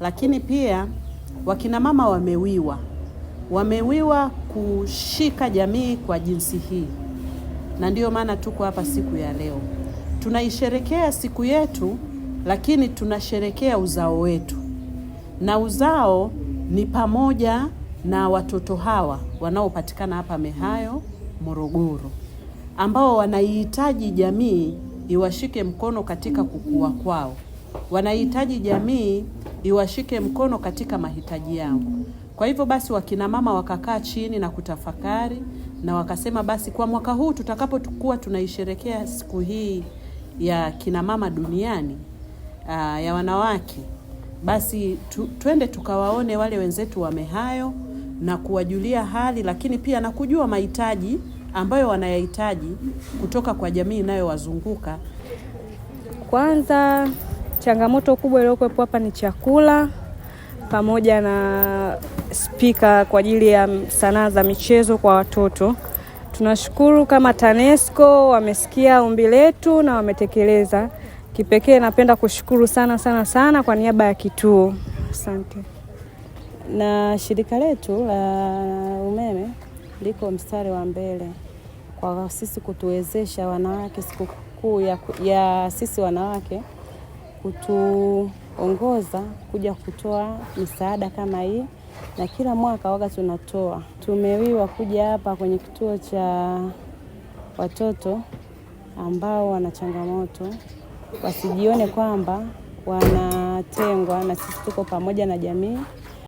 Lakini pia wakinamama wamewiwa, wamewiwa kushika jamii kwa jinsi hii, na ndiyo maana tuko hapa siku ya leo. Tunaisherekea siku yetu, lakini tunasherekea uzao wetu, na uzao ni pamoja na watoto hawa wanaopatikana hapa Mehayo, Morogoro, ambao wanaihitaji jamii iwashike mkono katika kukua kwao. Wanahitaji jamii iwashike mkono katika mahitaji yao. Kwa hivyo basi, wakinamama wakakaa chini na kutafakari na wakasema, basi kwa mwaka huu tutakapokuwa tunaisherekea siku hii ya kinamama duniani aa, ah, ya wanawake, basi tu, twende tukawaone wale wenzetu wa Mehayo na kuwajulia hali, lakini pia na kujua mahitaji ambayo wanayahitaji kutoka kwa jamii inayowazunguka kwanza Changamoto kubwa iliyokuwepo hapa ni chakula pamoja na spika kwa ajili ya sanaa za michezo kwa watoto. Tunashukuru kama TANESCO wamesikia ombi letu na wametekeleza. Kipekee napenda kushukuru sana sana sana kwa niaba ya kituo, asante. Na shirika letu la umeme liko mstari wa mbele kwa sisi kutuwezesha wanawake sikukuu ya, ya sisi wanawake kutuongoza kuja kutoa misaada kama hii, na kila mwaka waga tunatoa. Tumewiwa kuja hapa kwenye kituo cha watoto ambao wana changamoto, wasijione kwamba wanatengwa, na sisi tuko pamoja na jamii.